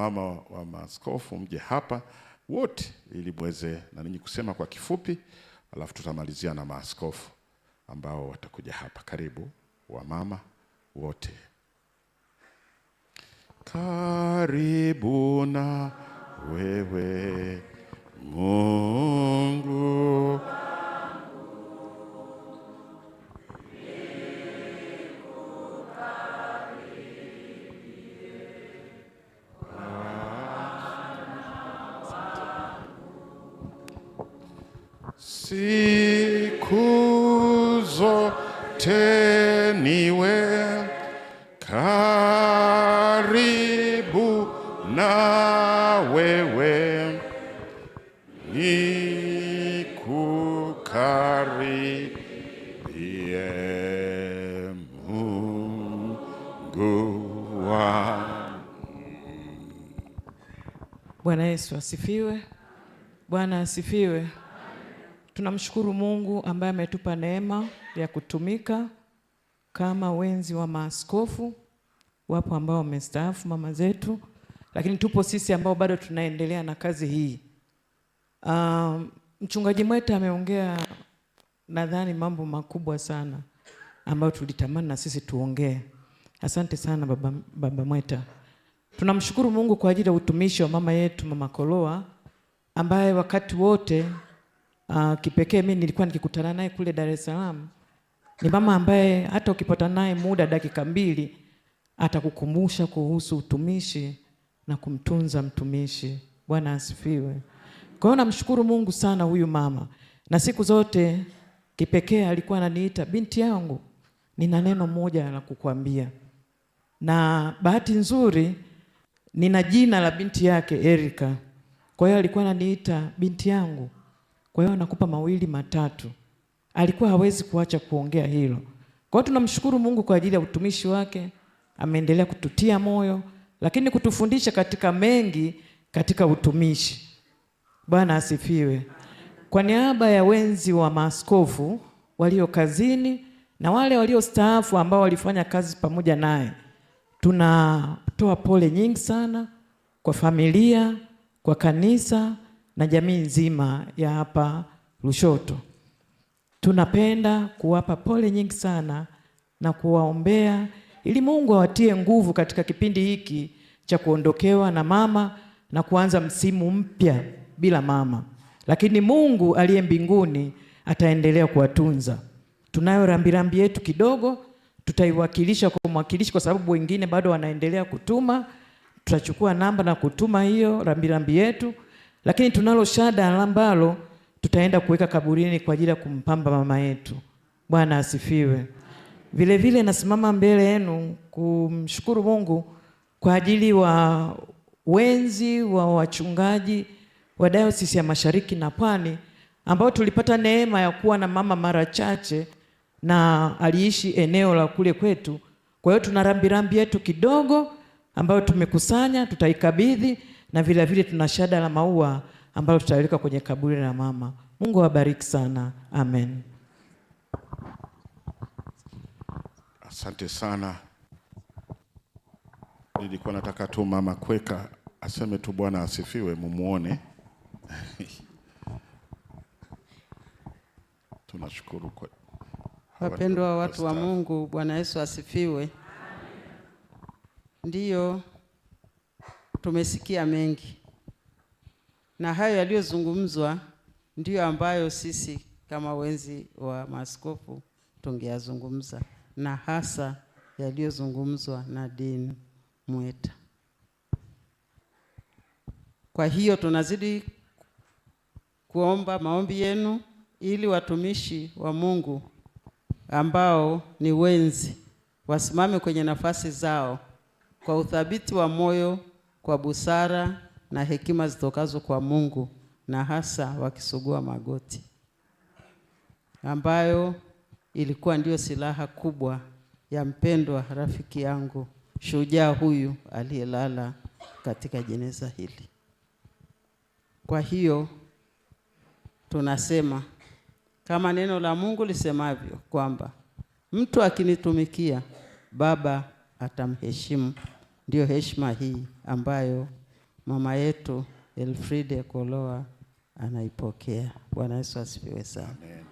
mama wa maskofu mje hapa wote ili mweze na ninyi kusema kwa kifupi, alafu tutamalizia na maaskofu ambao watakuja hapa. Karibu wamama wote, karibu na wewe kuzoteniwe karibu na wewe, nikukaribie Mungu wa Bwana Yesu asifiwe! Bwana asifiwe! Tunamshukuru Mungu ambaye ametupa neema ya kutumika kama wenzi wa maaskofu. Wapo ambao wamestaafu mama zetu, lakini tupo sisi ambao bado tunaendelea na kazi hii. Um, mchungaji Mweta ameongea nadhani mambo makubwa sana ambayo tulitamani na sisi tuongee. Asante sana baba, baba Mweta. Tunamshukuru Mungu kwa ajili ya utumishi wa mama yetu mama Koloa ambaye wakati wote uh, kipekee mimi nilikuwa nikikutana naye kule Dar es Salaam. Ni mama ambaye hata ukipata naye muda dakika mbili atakukumbusha kuhusu utumishi na kumtunza mtumishi. Bwana asifiwe. Kwa hiyo namshukuru Mungu sana huyu mama, na siku zote kipekee alikuwa ananiita binti yangu, nina neno moja la kukwambia. Na bahati nzuri nina jina la binti yake Erika, kwa hiyo alikuwa ananiita binti yangu kwa hiyo anakupa mawili matatu. Alikuwa hawezi kuacha kuongea hilo. Kwa hiyo tunamshukuru Mungu kwa ajili ya utumishi wake, ameendelea kututia moyo, lakini kutufundisha katika mengi katika utumishi. Bwana asifiwe. Kwa niaba ya wenzi wa maaskofu walio kazini na wale waliostaafu ambao walifanya kazi pamoja naye, tunatoa pole nyingi sana kwa familia, kwa kanisa na jamii nzima ya hapa Lushoto. Tunapenda kuwapa pole nyingi sana na kuwaombea ili Mungu awatie nguvu katika kipindi hiki cha kuondokewa na mama na kuanza msimu mpya bila mama, lakini Mungu aliye mbinguni ataendelea kuwatunza. Tunayo rambirambi yetu kidogo, tutaiwakilisha kwa mwakilishi, kwa sababu wengine bado wanaendelea kutuma. Tutachukua namba na kutuma hiyo rambirambi yetu. Lakini tunalo shada ambalo tutaenda kuweka kaburini kwa ajili ya kumpamba mama yetu. Bwana asifiwe. Vile vile nasimama mbele yenu kumshukuru Mungu kwa ajili wa wenzi wa wachungaji wa Dayosisi ya Mashariki na Pwani ambao tulipata neema ya kuwa na mama mara chache na aliishi eneo la kule kwetu. Kwa hiyo tuna rambirambi yetu kidogo ambayo tumekusanya tutaikabidhi na vile vile tuna shada la maua ambalo tutaweka kwenye kaburi la mama. Mungu awabariki sana, amen. Asante sana. Nilikuwa nataka tu mama Kweka aseme tu Bwana asifiwe, mumuone tunashukuru kwa wapendwa watu wa Mungu. Bwana Yesu asifiwe. Ndiyo, tumesikia mengi, na hayo yaliyozungumzwa ndiyo ambayo sisi kama wenzi wa maaskofu tungeyazungumza, na hasa yaliyozungumzwa na Dean Mweta. Kwa hiyo tunazidi kuomba maombi yenu ili watumishi wa Mungu ambao ni wenzi wasimame kwenye nafasi zao kwa uthabiti wa moyo kwa busara na hekima zitokazo kwa Mungu na hasa wakisugua magoti, ambayo ilikuwa ndiyo silaha kubwa ya mpendwa rafiki yangu shujaa huyu aliyelala katika jeneza hili. Kwa hiyo tunasema kama neno la Mungu lisemavyo kwamba mtu akinitumikia Baba atamheshimu ndio heshima hii ambayo mama yetu Elfride koloa anaipokea. Bwana Yesu asifiwe sana. Amen.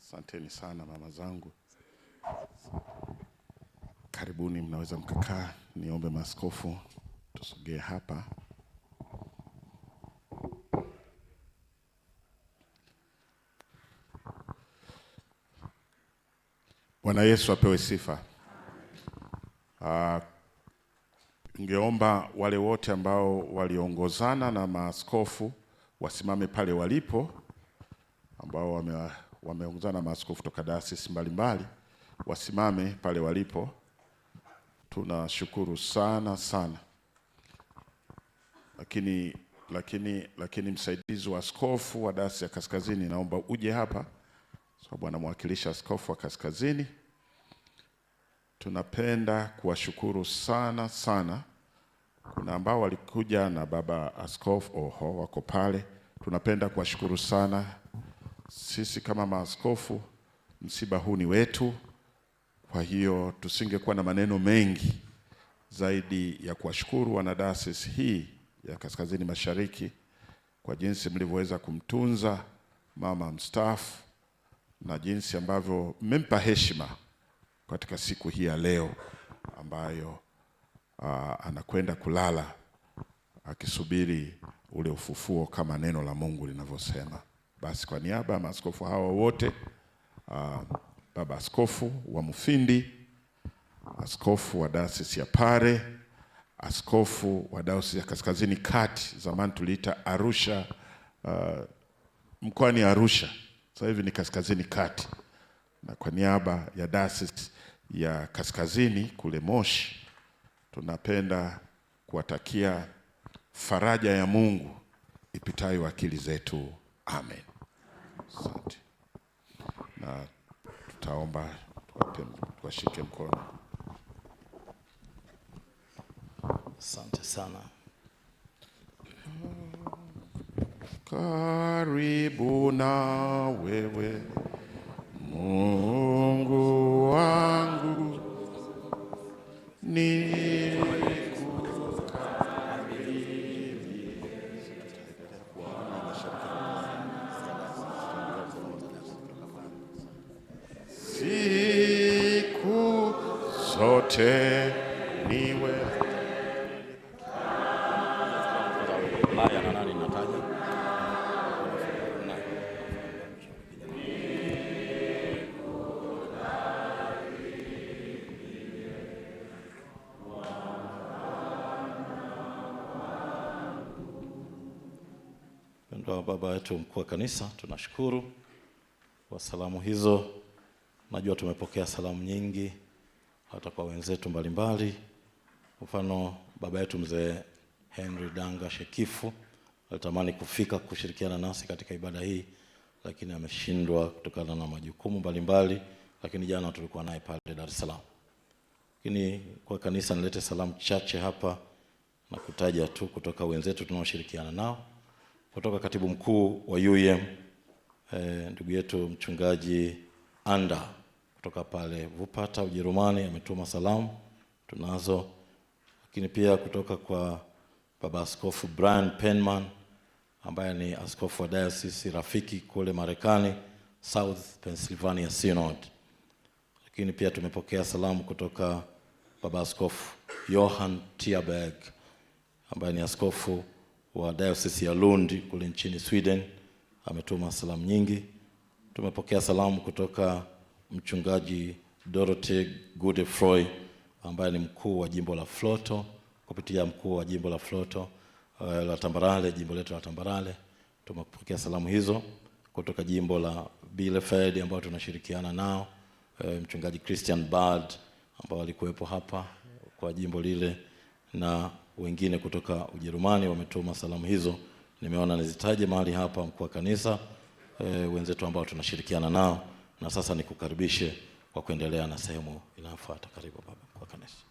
Asanteni sana mama zangu, karibuni, mnaweza mkakaa. Niombe maaskofu tusogee hapa. Bwana Yesu apewe sifa. Amen. Uh, Ningeomba wale wote ambao waliongozana na maaskofu wasimame pale walipo, ambao wame, wameongozana na maaskofu toka dayosisi mbalimbali wasimame pale walipo. Tunashukuru sana sana, lakini lakini lakini msaidizi wa askofu wa dayosisi ya Kaskazini, naomba uje hapa sababu anamwakilisha askofu wa Kaskazini tunapenda kuwashukuru sana sana. Kuna ambao walikuja na baba askofu, oho, wako pale. Tunapenda kuwashukuru sana. Sisi kama maaskofu, msiba huu ni wetu, kwa hiyo tusingekuwa na maneno mengi zaidi ya kuwashukuru wanadayosisi hii ya Kaskazini Mashariki kwa jinsi mlivyoweza kumtunza mama mstaafu na jinsi ambavyo mmempa heshima katika siku hii ya leo ambayo uh, anakwenda kulala akisubiri ule ufufuo kama neno la Mungu linavyosema. Basi kwa niaba ya maaskofu hawa wote uh, baba askofu wa Mufindi, askofu wa dayosisi ya Pare, askofu wa dayosisi ya Kaskazini Kati, zamani tuliita Arusha uh, mkoani Arusha, sasa hivi ni Kaskazini Kati, na kwa niaba ya dayosisi ya kaskazini kule Moshi, tunapenda kuwatakia faraja ya Mungu ipitayo akili zetu. Amen. Asante. Na tutaomba tuwashike mkono. Asante sana. Karibu na wewe Mungu. wote ni baba yetu mkuu wa kanisa, tunashukuru kwa salamu hizo. Najua tumepokea salamu nyingi hata kwa wenzetu mbalimbali, mfano baba yetu mzee Henry Danga Shekifu alitamani kufika kushirikiana nasi katika ibada hii, lakini ameshindwa kutokana na majukumu mbalimbali, lakini jana tulikuwa naye pale Dar es Salaam. Lakini kwa kanisa nilete salamu chache hapa na kutaja tu kutoka wenzetu tunaoshirikiana nao, kutoka katibu mkuu wa UEM eh, ndugu yetu mchungaji Anda kutoka pale Vupata Ujerumani ametuma salamu tunazo, lakini pia kutoka kwa baba askofu Brian Penman ambaye ni askofu wa diocese rafiki kule Marekani South Pennsylvania Synod. Lakini pia tumepokea salamu kutoka baba askofu johan Tierberg ambaye ni askofu wa diocese ya Lund kule nchini Sweden, ametuma salamu nyingi. Tumepokea salamu kutoka Mchungaji Dorothy Godefroy ambaye ni mkuu wa jimbo la Floto kupitia mkuu wa jimbo la Floto uh, la Tambarale, jimbo letu la Tambarale. Tumepokea salamu hizo kutoka jimbo la Bielefeld ambao tunashirikiana nao uh, mchungaji Christian Bard ambao alikuwepo hapa kwa jimbo lile na wengine kutoka Ujerumani wametuma salamu hizo, nimeona nizitaje mahali hapa, mkuu wa kanisa uh, wenzetu ambao tunashirikiana nao na sasa nikukaribishe kwa kuendelea na sehemu inayofuata. Karibu baba kwa kanisa.